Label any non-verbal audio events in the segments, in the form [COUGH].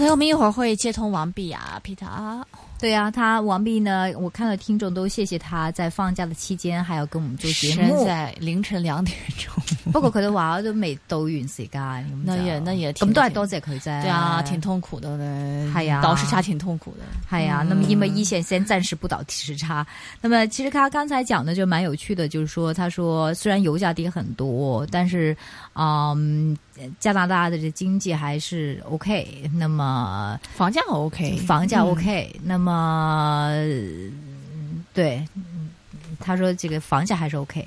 朋、嗯、友們，一會兒會接通王弼啊，Peter。對呀、啊，他王弼呢，我看到聽眾都謝謝他在放假的期間還要跟我們做節目，在凌晨兩點鐘。 [LAUGHS] [LAUGHS] 不過佢都話都未到完時間，咁樣咁樣，咁都係多謝佢啫。對對啊，挺痛苦咯，係啊、哎，倒時差挺痛苦啦，係、哎、啊、嗯。那麼因為一線先暫時不倒時差、嗯。那麼其實他剛才講的就蠻有趣的，就是說，他說雖然油價跌很多，但是，嗯、呃，加拿大的這經濟還是 OK，那還 OK, OK、嗯。那麼房價 OK，房價 OK。那麼對，他說這個房價還是 OK。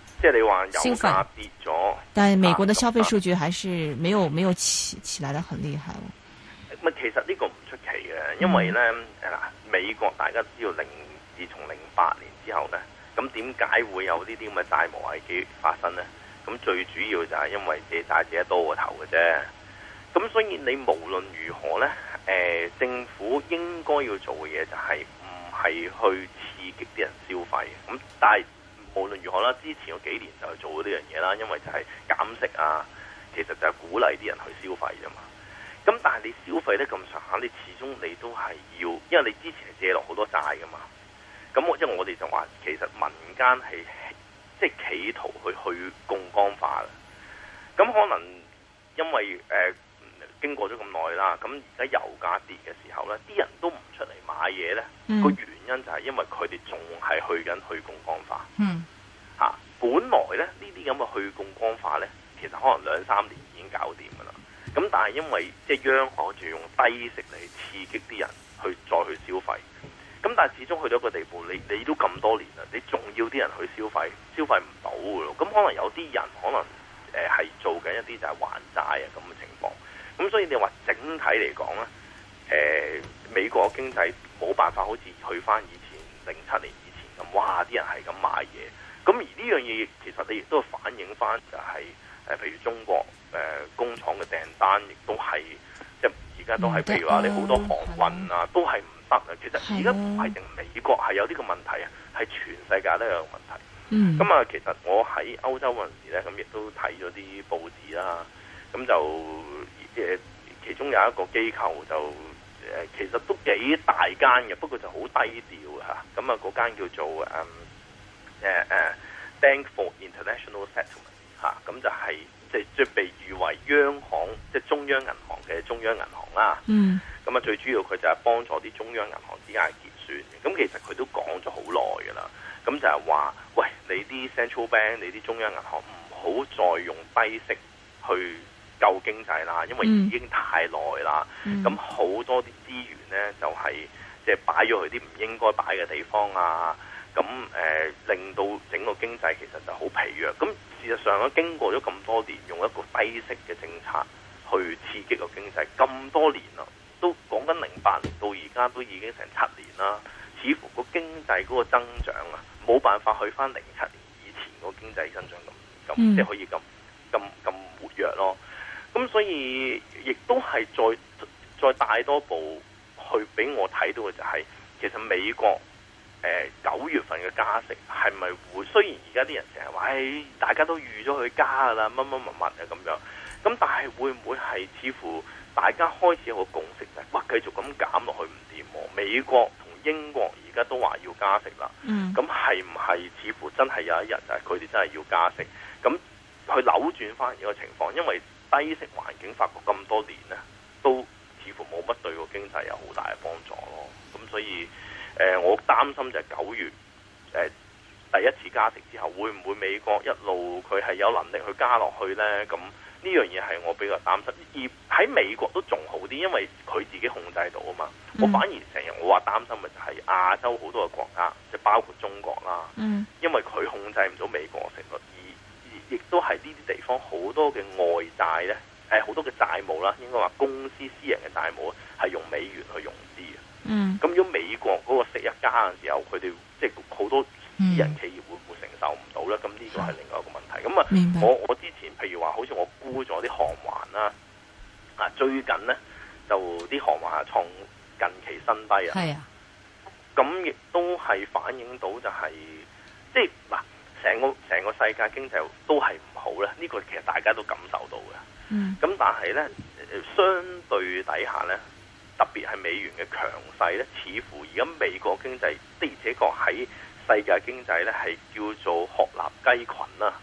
即、就、係、是、你話油價跌咗，但係美國的消費數據還是沒有沒有起起來得很厲害咯。其實呢個唔出奇嘅，因為咧嗱、嗯，美國大家知道零自從零八年之後咧，咁點解會有呢啲咁嘅債務危機發生咧？咁最主要就係因為借債借得多過頭嘅啫。咁所以你無論如何咧，誒、呃，政府應該要做嘅嘢，就係唔係去刺激啲人消費，咁但係。無論如何啦，之前有幾年就係做呢樣嘢啦，因為就係減息啊，其實就係鼓勵啲人去消費啫嘛。咁但係你消費得咁上下，你始終你都係要，因為你之前係借落好多債噶嘛。咁我即係我哋就話，其實民間係即係企圖去去共江化嘅。咁可能因為誒。呃經過咗咁耐啦，咁而家油價跌嘅時候呢，啲人都唔出嚟買嘢呢。個、mm. 原因就係因為佢哋仲係去緊去槓桿化。嗯、mm.，本來呢呢啲咁嘅去槓桿化呢，其實可能兩三年已經搞掂噶啦。咁但係因為即係、就是、央行仲用低息嚟刺激啲人去再去消費。咁但係始終去到了一個地步，你你都咁多年啦，你仲要啲人去消費，消費唔到嘅咯。咁可能有啲人可能誒係做緊一啲就係還債啊咁嘅情況。咁所以你話整體嚟講咧，誒、呃、美國經濟冇辦法好似去翻以前零七年以前咁，哇！啲人係咁買嘢，咁而呢樣嘢其實你亦都反映翻就係、是、誒，譬、呃、如中國誒、呃、工廠嘅訂單亦都係即係而家都係，譬、啊、如話你好多航運啊都係唔得啊！其實而家唔係淨美國係有呢個問題啊，係全世界都有問題。嗯。咁啊，其實我喺歐洲嗰陣時咧，咁亦都睇咗啲報紙啦、啊。咁就誒，其中有一個機構就誒，其實都幾大間嘅，不過就好低調嚇。咁啊，嗰間叫做誒誒、um, uh, uh, Bank for International Settlement 嚇、啊，咁就係即係即係被譽為央行即係中央銀行嘅中央銀行啦。嗯。咁啊，最主要佢就係幫助啲中央銀行之間嘅結算。咁其實佢都講咗好耐㗎啦。咁就係話，喂，你啲 central bank，你啲中央銀行唔好再用低息去。夠經濟啦，因為已經太耐啦。咁、嗯、好多啲資源呢，就係即係擺咗去啲唔應該擺嘅地方啊。咁誒、呃，令到整個經濟其實就好疲弱。咁事實上咧，經過咗咁多年，用一個低息嘅政策去刺激個經濟，咁多年啦，都講緊零八年到而家都已經成七年啦。似乎個經濟嗰個增長啊，冇辦法去翻零七年以前個經濟嘅增長咁，咁即係可以咁咁咁活躍咯。咁所以亦都係再再大多步去俾我睇到嘅就係其實美國誒九月份嘅加息係咪會雖然而家啲人成日話誒大家都預咗佢加噶啦，乜乜乜乜啊咁樣，咁但係會唔會係似乎大家開始有個共識咧？哇！繼續咁減落去唔掂喎。美國同英國而家都話要加息啦。嗯。咁係唔係似乎真係有一日就係佢哋真係要加息？咁去扭轉翻呢個情況，因為。低息環境發覺咁多年咧，都似乎冇乜對個經濟有好大嘅幫助咯。咁所以，誒、呃，我擔心就係九月誒、呃、第一次加息之後，會唔會美國一路佢係有能力去加落去呢？咁呢樣嘢係我比較擔心。而喺美國都仲好啲，因為佢自己控制到啊嘛。我反而成日我話擔心嘅就係亞洲好多嘅國家，即包括中國啦，因為佢控制唔到美國息率。亦都係呢啲地方好多嘅外債咧，誒好多嘅債務啦，應該話公司、私人嘅債務係用美元去融資嘅。嗯。咁如果美國嗰個息一加嘅時候，佢哋即係好多私人企業會唔、嗯、會承受唔到咧。咁呢個係另外一個問題。咁啊，我我之前譬如話，好似我估咗啲航環啦，啊最近咧就啲航環創近期新低啊。係啊。咁亦都係反映到就係、是，即係嗱。成個成個世界經濟都係唔好咧，呢、這個其實大家都感受到嘅。咁、嗯、但係呢，相對底下呢，特別係美元嘅強勢呢，似乎而家美國經濟的而且確喺世界經濟呢係叫做鶴立雞群啦、啊。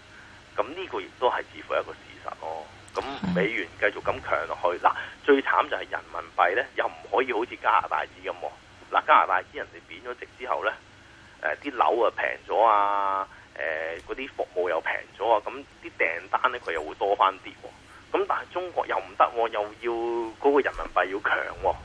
咁呢個亦都係似乎一個事實咯、啊。咁美元繼續咁強落去，嗱，最慘就係人民幣呢，又唔可以好似加拿大紙咁喎。嗱，加拿大紙人哋貶咗值之後呢，啲樓啊平咗啊～誒嗰啲服務又平咗啊，咁啲訂單咧佢又會多翻啲喎，咁但係中國又唔得喎，又要嗰個人民幣要強喎，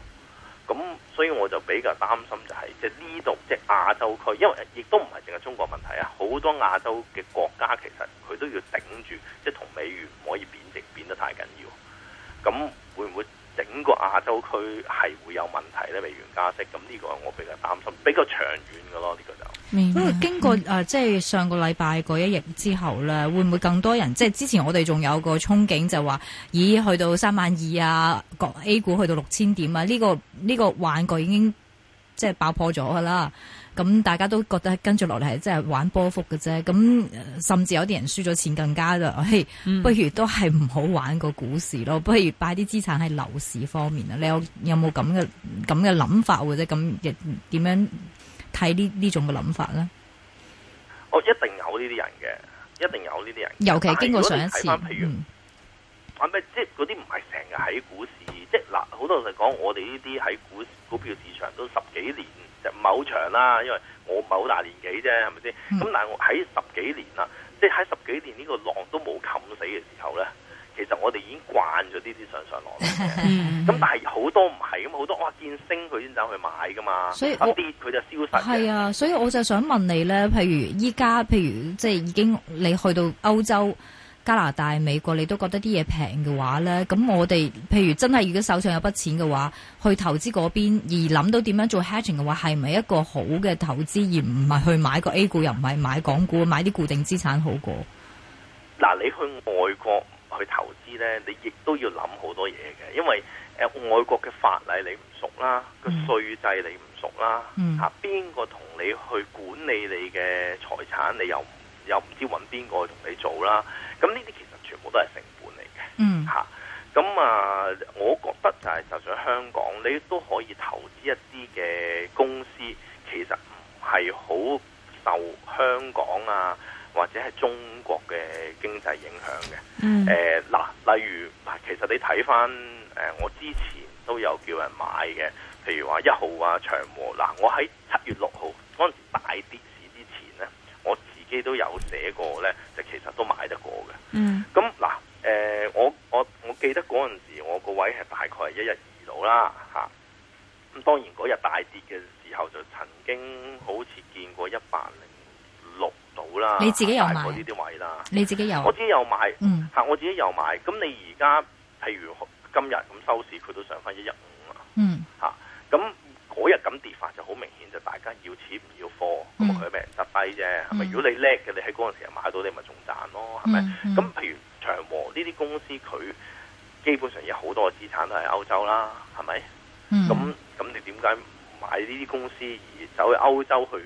咁所以我就比較擔心就係即係呢度即係亞洲區，因為亦都唔係淨係中國問題啊，好多亞洲嘅國家其實佢都要頂住，即係同美元唔可以貶值，貶得太緊要，咁會唔會？整個亞洲區係會有問題咧，美元加息，咁呢個我比較擔心，比較長遠㗎咯，呢、這個就。嗯、不過經過即係、呃就是、上個禮拜嗰一日之後咧，會唔會更多人？即、就、係、是、之前我哋仲有個憧憬就，就話咦，去到三萬二啊，A 股去到六千點啊，呢、這個呢、這個幻覺已經即係、就是、爆破咗噶啦。咁大家都覺得跟住落嚟係真係玩波幅嘅啫，咁甚至有啲人輸咗錢更加，不如都係唔好玩個股市咯，不如擺啲資產喺樓市方面啊！你有有冇咁嘅咁嘅諗法或者咁亦點樣睇呢呢種嘅諗法呢？我一定有呢啲人嘅，一定有呢啲人，人，尤其經過上一次，係咪、嗯、即係嗰啲唔係成日喺股市？即係嗱，好多人就講我哋呢啲喺股股票市場都十幾年。就唔係好長啦，因為我唔係好大年紀啫，係咪先？咁、嗯、但係我喺十幾年啦，即係喺十幾年呢個浪都冇冚死嘅時候咧，其實我哋已經慣咗呢啲上上落落嘅。咁 [LAUGHS] 但係好多唔係，咁好多哇見升佢先走去買㗎嘛，一跌佢就消失。係啊，所以我就想問你咧，譬如依家，譬如即係已經你去到歐洲、加拿大、美國，你都覺得啲嘢平嘅話呢？咁我哋譬如真係如果手上有筆錢嘅話，去投資嗰邊而諗到點樣做 hedging 嘅話，係咪一個好嘅投資，而唔係去買個 A 股，又唔係買港股，買啲固定資產好過？嗱，你去外國去投資呢，你亦都要諗好多嘢嘅，因為外國嘅法例你唔熟啦，個、嗯、稅制你唔熟啦，嚇邊個同你去管理你嘅財產，你又？又唔知揾邊個去同你做啦，咁呢啲其實全部都係成本嚟嘅，嚇、嗯啊。咁啊，我覺得就係，就算香港你都可以投資一啲嘅公司，其實唔係好受香港啊或者係中國嘅經濟影響嘅。誒、嗯、嗱、啊，例如嗱，其實你睇翻誒，我之前都有叫人買嘅，譬如話一號啊、長和嗱、啊，我喺七月六號嗰陣大跌。嗯、都有寫過呢，就其實都買得過嘅。嗯，咁嗱，誒、呃，我我我記得嗰陣時，我個位係大概係一日二度啦，嚇、啊。咁當然嗰日大跌嘅時候，就曾經好似見過一百零六度啦。你自己有買過呢啲位啦？你自己有？我自己有買，嗯，嚇、啊，我自己有買。咁你而家譬如今日咁收市，佢都上翻一日五啊。嗯，嚇、啊，咁。嗰日咁跌法就好明顯，就大家要錢唔要貨，咁佢咩人執低啫？係咪、嗯？如果你叻嘅，你喺嗰陣時候買到，你咪仲賺咯，係咪？咁、嗯嗯、譬如長和呢啲公司，佢基本上有好多嘅資產都喺歐洲啦，係咪？咁、嗯、咁你點解唔買呢啲公司而走去歐洲去？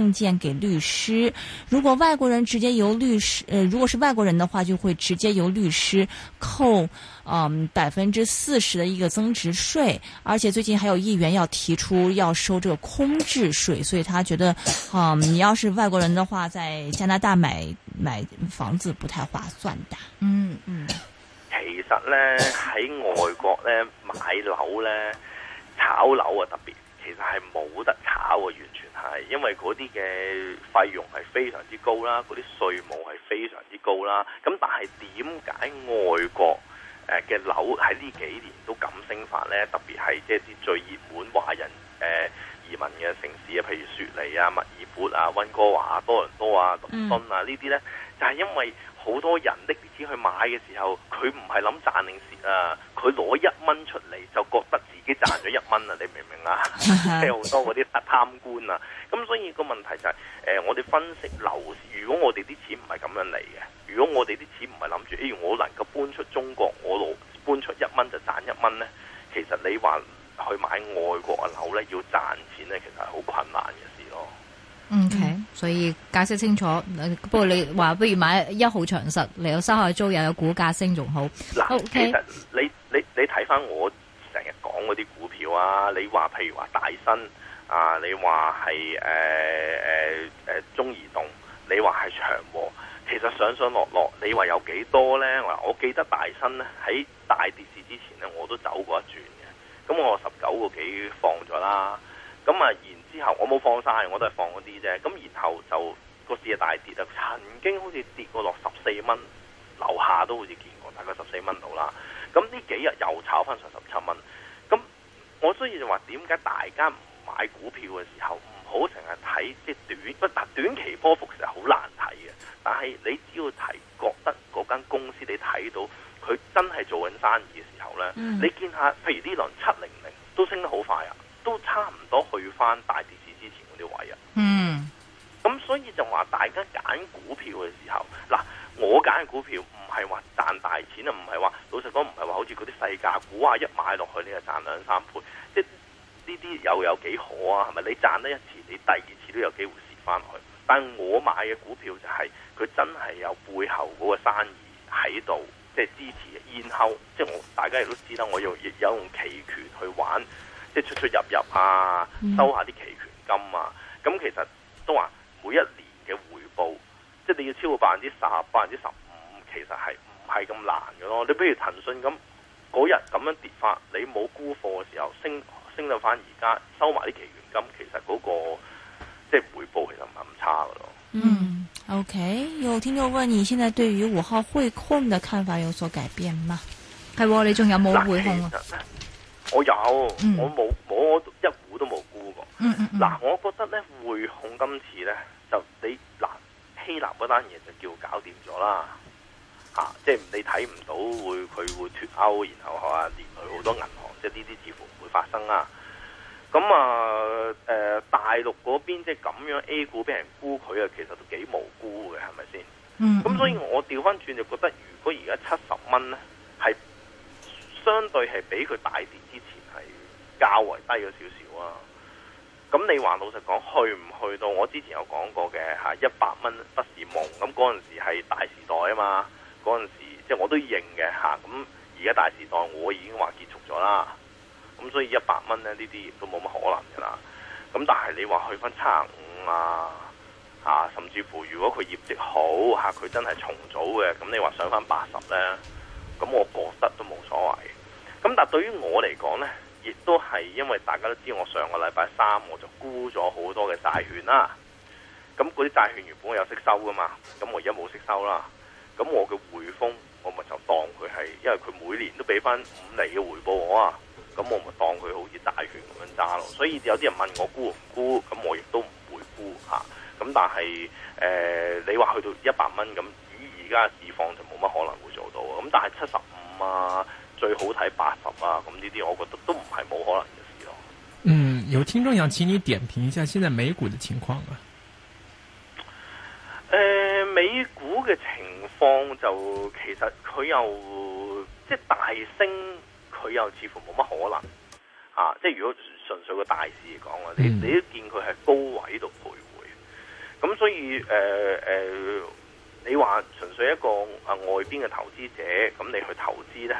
證件給律師，如果外國人直接由律師，呃，如果是外國人的話，就會直接由律師扣，嗯、呃，百分之四十的一個增值稅。而且最近還有議員要提出要收這個空置稅，所以他覺得，嗯、呃，你要是外國人的話，在加拿大買買房子不太划算的。嗯嗯，其實呢，喺外國呢買樓呢炒樓啊，特別，其實係冇得炒啊，完全。係，因為嗰啲嘅費用係非常之高啦，嗰啲稅務係非常之高啦。咁但係點解外國誒嘅樓喺呢幾年都咁升法咧？特別係即係啲最熱門華人誒移民嘅城市啊，譬如雪梨啊、墨爾本啊、溫哥華啊、多倫多啊、倫敦啊呢啲咧。但、就、係、是、因為好多人搦啲錢去買嘅時候，佢唔係諗賺定蝕啊！佢攞一蚊出嚟就覺得自己賺咗一蚊啊！你明唔明啊？即係好多嗰啲貪官啊！咁所以個問題就係、是、誒、呃，我哋分析樓市，如果我哋啲錢唔係咁樣嚟嘅，如果我哋啲錢唔係諗住誒，我能夠搬出中國，我攞搬出一蚊就賺一蚊呢？其實你話去買外國嘅樓呢，要賺錢呢，其實係好困難嘅事咯。嗯、okay。所以解釋清楚。不過你話不如買一號長實，又有收下租，又有股價升，仲好。嗱、okay，其實你你你睇翻我成日講嗰啲股票啊，你話譬如話大新啊，你話係誒誒誒中移動，你話係長和。其實上上落落，你話有幾多咧？嗱，我記得大新咧喺大跌市之前咧，我都走過一轉嘅。咁我十九個幾個放咗啦。咁啊，然。之後我冇放晒，我都係放嗰啲啫。咁然後就個市啊大跌啦，曾經好似跌過落十四蚊樓下都好似見過，大概十四蚊度啦。咁呢幾日又炒翻上十七蚊。咁我所以就話點解大家唔買股票嘅時候唔好成日睇，即短不嗱，短期波幅，其實好難睇嘅。但係你只要睇覺得嗰間公司你睇到佢真係做緊生意嘅時候呢、嗯，你見下譬如呢輪七。收下啲期權金啊！咁其實都話每一年嘅回報，即係你要超過百分之十、百分之十五，其實係唔係咁難嘅咯。你比如騰訊，咁嗰日咁樣跌翻，你冇沽貨嘅時候升，升到翻而家，收埋啲期權金，其實嗰個即係回報其實唔係咁差嘅咯。嗯，OK，有聽眾問你現在對於五號匯控嘅看法有所改變嗎？係，你仲有冇匯控啊？我有，我冇冇一。嗱， [NOISE] 我覺得咧匯控今次咧就你嗱希臘嗰單嘢就叫搞掂咗啦，嚇、啊！即係你睇唔到會佢會脫歐，然後嚇連累好多銀行，即係呢啲似乎唔會發生啦啊。咁啊誒大陸嗰邊即係咁樣 A 股俾人沽佢啊，其實都幾無辜嘅，係咪先？嗯。咁 [NOISE] 所以我調翻轉就覺得，如果而家七十蚊咧，係相對係比佢大跌之前係較為低咗少少。咁你話老實講，去唔去到？我之前有講過嘅嚇，一百蚊不是夢。咁嗰陣時係大時代啊嘛，嗰陣時即係、就是、我都認嘅嚇。咁而家大時代，我已經話結束咗啦。咁所以一百蚊咧，呢啲都冇乜可能噶啦。咁但係你話去翻差五啊，甚至乎如果佢業績好佢、啊、真係重組嘅，咁你話上翻八十呢？咁我覺得都冇所謂。咁但對於我嚟講呢。亦都係因為大家都知道我上個禮拜三我就沽咗好多嘅債券啦，咁嗰啲債券原本我有息收噶嘛，咁我而家冇息收啦，咁我嘅匯豐我咪就當佢係，因為佢每年都俾翻五厘嘅回報我啊，咁我咪當佢好似債券咁樣揸咯，所以有啲人問我沽唔沽，咁我亦都唔會沽嚇，咁、啊、但係誒、呃、你話去到一百蚊咁，以而家嘅市況就冇乜可能會做到，咁但係七十五啊。最好睇八十啊！咁呢啲我覺得都唔係冇可能嘅事咯。嗯，有聽眾想請你點評一下現在美股嘅情況啊。誒、呃，美股嘅情況就其實佢又即係大升，佢又似乎冇乜可能啊！即係如果純粹個大市嚟講啊，你你都見佢係高位度徘徊，咁所以誒誒。呃呃你話純粹一個外邊嘅投資者咁，你去投資呢？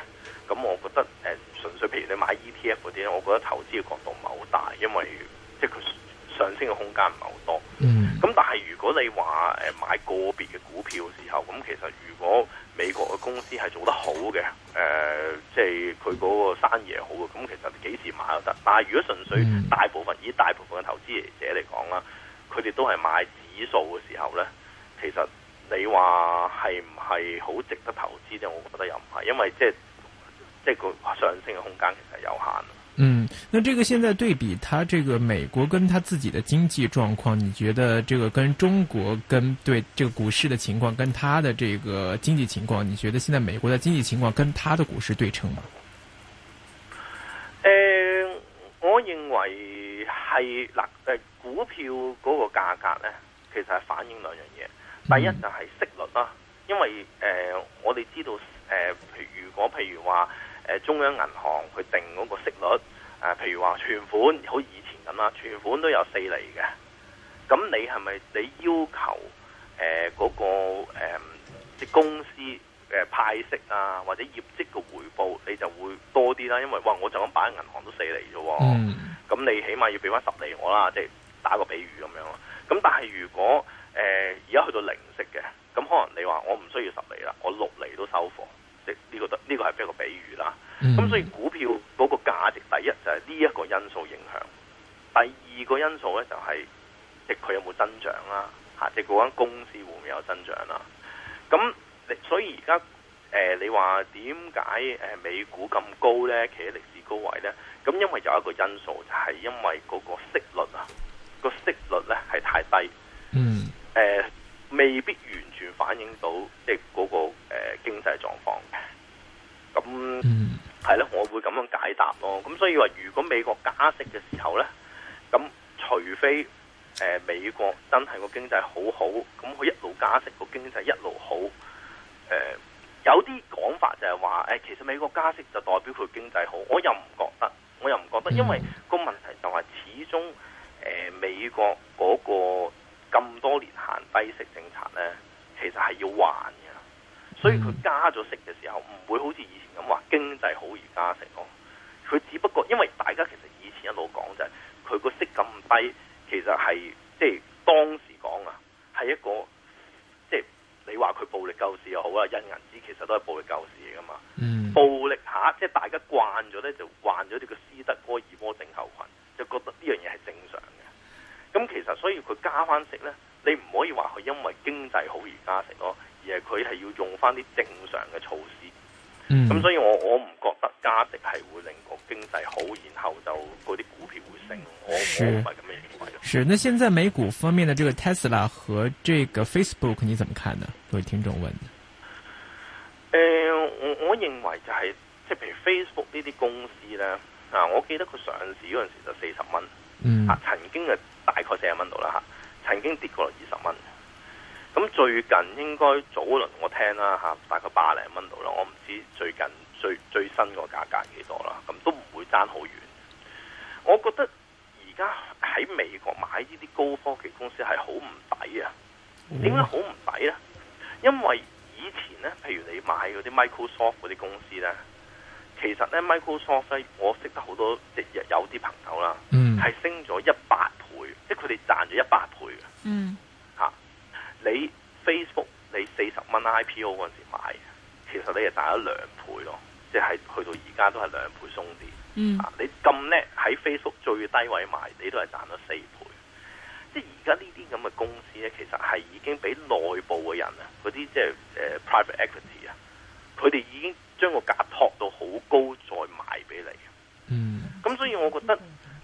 咁我覺得誒純粹譬如你買 ETF 嗰啲，我覺得投資嘅角度唔係好大，因為即係佢上升嘅空間唔係好多。咁、嗯、但係如果你話誒、呃、買個別嘅股票嘅時候，咁其實如果美國嘅公司係做得好嘅，即係佢嗰個生意好嘅，咁其實幾時買都得。但係如果純粹大部分以大部分嘅投資者嚟講啦，佢哋都係買指數嘅時候呢。其實你話係唔係好值得投資呢？我覺得又唔係，因為即係即係個上升嘅空間其實有限。嗯，那這個現在對比，他這個美國跟他自己的經濟狀況，你覺得這個跟中國跟對這個股市的情況，跟他的這個經濟情況，你覺得現在美國的經濟情況跟他的股市對稱嗎？誒、呃，我認為係嗱，誒、呃，股票嗰個價格呢，其實係反映兩樣嘢。嗯、第一就係息率啦，因為誒、呃、我哋知道誒，如、呃、果譬如話誒、呃、中央銀行去定嗰個息率，啊、呃、譬如話存款，好以前咁啦，存款都有四厘嘅，咁你係咪你要求誒嗰、呃那個誒即、呃、公司嘅派息啊，或者業績嘅回報，你就會多啲啦？因為哇、呃，我就咁擺喺銀行都四厘啫喎，咁你起碼要俾翻十厘我啦，即、就是、打個比喻咁樣咯。咁但係如果誒、呃，而家去到零息嘅，咁可能你話我唔需要十厘啦，我六厘都收貨，即、這、呢個呢、呢個係一個比喻啦。咁、嗯、所以股票嗰個價值，第一就係呢一個因素影響，第二個因素咧，就係即佢有冇增長啦，吓即嗰間公司會唔會有增長啦。咁所以而家誒，你話點解誒美股咁高咧，企喺歷史高位咧？咁因為有一個因素就係、是、因為嗰個息率啊，個息率咧係太低。嗯。誒、呃，未必完全反映到即係、嗰個誒、呃、經濟狀況嘅，咁係咯，我會咁樣解答咯。咁所以話，如果美國加息嘅時候呢，咁除非、呃、美國真係個經濟好好，咁佢一路加息個經濟一路好，呃、有啲講法就係話，誒、呃、其實美國加息就代表佢經濟好，我又唔覺得，我又唔覺得，mm. 因為個問題就係始終、呃、美國嗰、嗰個。咁多年行低息政策呢，其實係要還嘅，所以佢加咗息嘅時候，唔會好似以前咁話經濟好而加息咯。佢只不過因為大家其實以前一路講就係佢個息咁低，其實係即係當時講啊，係一個即係你話佢暴力救市又好啊，印銀紙其實都係暴力救市嚟㗎嘛。嗯、暴力下、啊，即係大家慣咗呢，就慣咗呢個斯德哥爾摩症候群，就覺得呢樣嘢係正常。所以佢加翻息呢，你唔可以話佢因為經濟好而加息咯，而係佢係要用翻啲正常嘅措施。咁、嗯、所以我我唔覺得加息係會令個經濟好，然後就嗰啲股票會升。我唔係咁樣認為嘅。是，那現在美股方面嘅這個 Tesla 和這個 Facebook 你怎麼看呢？各位聽眾問、呃。我我認為就係、是，即係譬如 Facebook 呢啲公司呢，啊，我記得佢上市嗰陣時就四十蚊，啊，曾經啊。大概四十蚊度啦吓，曾經跌過二十蚊。咁最近應該早輪我聽啦吓，大概八零蚊度啦。我唔知最近最最新個價格幾多啦，咁都唔會爭好遠。我覺得而家喺美國買呢啲高科技公司係好唔抵啊！點解好唔抵咧？因為以前呢，譬如你買嗰啲 Microsoft 嗰啲公司呢，其實呢 Microsoft 咧，我識得好多即有啲朋友啦，係、嗯、升咗一百。即係佢哋賺咗一百倍嘅，嗯，吓、啊、你 Facebook 你四十蚊 IPO 嗰陣時買，其實你係賺咗兩倍咯，即、就、係、是、去到而家都係兩倍鬆啲，嗯，啊、你咁叻喺 Facebook 最低位賣，你都係賺咗四倍。即係而家呢啲咁嘅公司咧，其實係已經俾內部嘅人啊，嗰啲即係誒 private equity 啊、嗯，佢哋已經將個價托到好高再賣俾你，嗯，咁所以我覺得。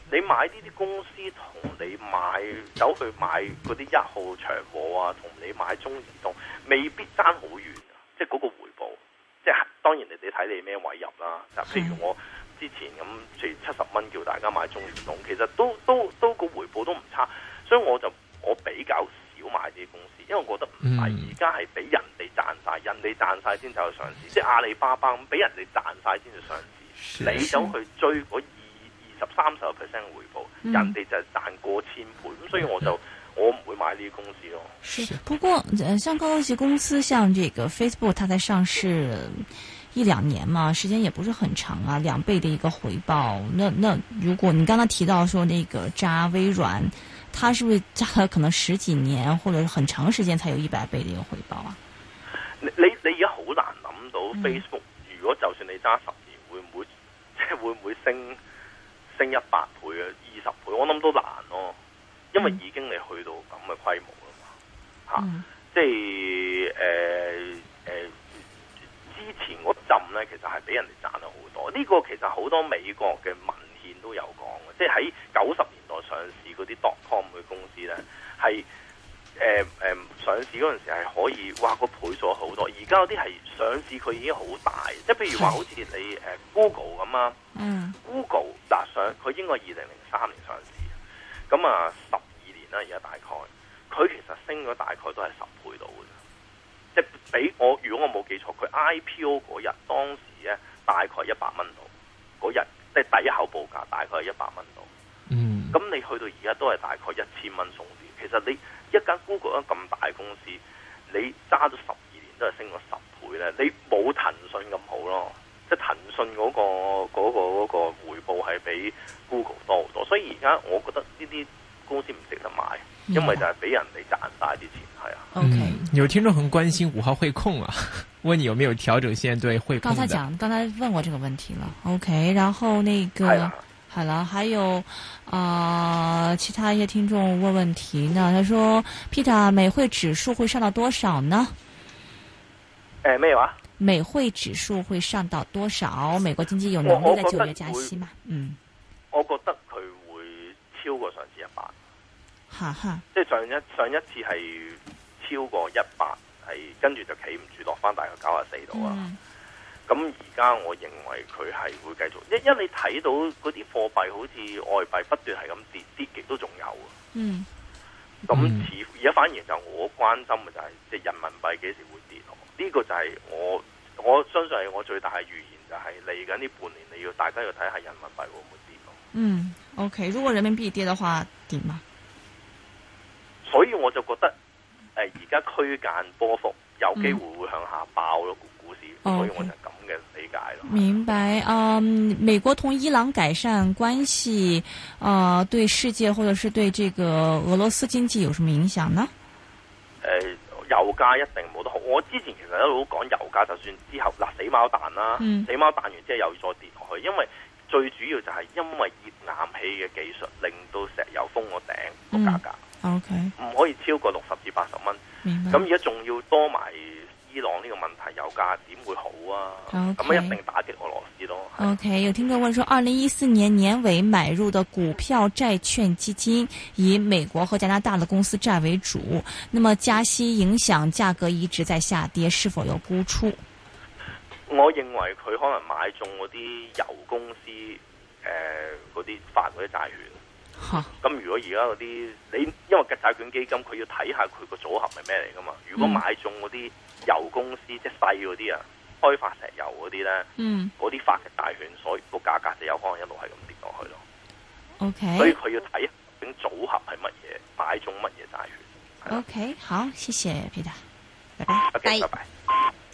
你買呢啲公司同你買走去買嗰啲一號長和啊，同你買中移動，未必爭好遠、啊，即係嗰個回報。即係當然你哋睇你咩位入啦。就譬如我之前咁，譬如七十蚊叫大家買中移動，其實都都都個回報都唔差。所以我就我比較少買啲公司，因為我覺得唔係而家係俾人哋賺晒，人哋賺晒先走去上市。嗯、即係阿里巴巴咁，俾人哋賺晒先至上市。你走去追十三十個 percent 嘅回報，人哋就賺過千倍，咁、嗯、所以我就我唔會買呢啲公司咯。是不過，像高科技公司，像這個 Facebook，它才上市一兩年嘛，時間也不是很長啊。兩倍的一個回報，那那如果你剛剛提到說那個揸微軟，它是不是揸可能十幾年或者很長時間才有一百倍的一個回報啊？你你而家好難諗到 Facebook，、嗯、如果就算你揸十年，會唔會即係會唔會升？升一百倍啊，二十倍，我諗都難咯、哦，因為已經你去到咁嘅規模啦嘛，嚇、mm. 啊，即係誒誒，之前嗰陣咧，其實係俾人哋賺咗好多。呢、這個其實好多美國嘅文獻都有講嘅，即係喺九十年代上市嗰啲 dotcom 嘅公司咧，係。誒、呃、誒、呃、上市嗰陣時係可以，哇個倍數好多！而家有啲係上市佢已經好大，即係譬如話好似你誒、呃、Google 咁、嗯、啊，Google 嗱上佢應該二零零三年上市，咁啊十二年啦而家大概，佢其實升咗大概都係十倍到嘅，即係比我如果我冇記錯，佢 IPO 嗰日當時咧大概一百蚊度，嗰日即係第一口報價大概係一百蚊度。嗯，咁你去到而家都係大概一千蚊送啲，其實你。一間 Google 咁大公司，你揸咗十二年都係升咗十倍咧，你冇騰訊咁好咯，即係騰訊嗰個、那個、那個那個回報係比 Google 多好多，所以而家我覺得呢啲公司唔值得買，因為就係俾人哋賺大啲錢。啊、o、okay. K，、嗯、有聽眾很關心五號匯控啊，問你有沒有調整線對匯控？剛才講，剛才問過這個問題了。O、okay, K，然後那個。哎好了，還有啊、呃，其他一些聽眾問問題呢。他說：“Peter，美匯指數會上到多少呢？”誒、呃，咩話？美匯指數會上到多少？美國經濟有能力在九月加息嗎？嗯，我覺得佢會超過上次一百。哈哈，即係上一上一次係超過一百，係跟住就不住就企唔住，落翻大概九啊四度啊。嗯咁而家我認為佢係會繼續，因因你睇到嗰啲貨幣好似外幣不斷係咁跌，跌極都仲有嗯。咁似而家反而就我關心嘅就係，即係人民幣幾時會跌？呢個就係我我相信係我最大嘅預言、就係，就係嚟緊呢半年你要大家要睇下人民幣會唔會跌咯。嗯，OK，如果人民幣跌嘅話點啊？所以我就覺得，呃而家區間波幅有機會會向下爆咯，股股市、嗯，所以我就。嘅理解咯，明白。嗯、美國同伊朗改善關係，啊、呃，對世界或者是對這個俄羅斯經濟有什麼影響呢？誒、呃，油價一定冇得好。我之前其實一路講油價，就算之後嗱死貓彈啦，死貓彈、嗯、完之後又再跌落去，因為最主要就係因為頁岩氣嘅技術令到石油封個頂個價格，OK，唔可以超過六十至八十蚊。咁而家仲要多埋。伊朗呢個問題，油價點會好啊？咁、okay. 一定打擊俄羅斯咯。OK，有聽眾問說，二零一四年年尾買入的股票債券基金以美國和加拿大的公司債為主，那麼加息影響價格一直在下跌，是否有沽出？我認為佢可能買中嗰啲油公司誒，嗰啲發嗰啲債券。咁如果而家嗰啲你因為嘅債券基金，佢要睇下佢個組合係咩嚟㗎嘛？如果買中嗰啲。嗯油公司即細嗰啲啊，開發石油嗰啲咧，嗯，嗰啲發嘅債券，所以個價格就有可能一路係咁跌落去咯。O、okay. K，所以佢要睇，整組合係乜嘢，買中乜嘢債券。O、okay, K，好，謝謝 Peter，拜拜，拜拜拜拜。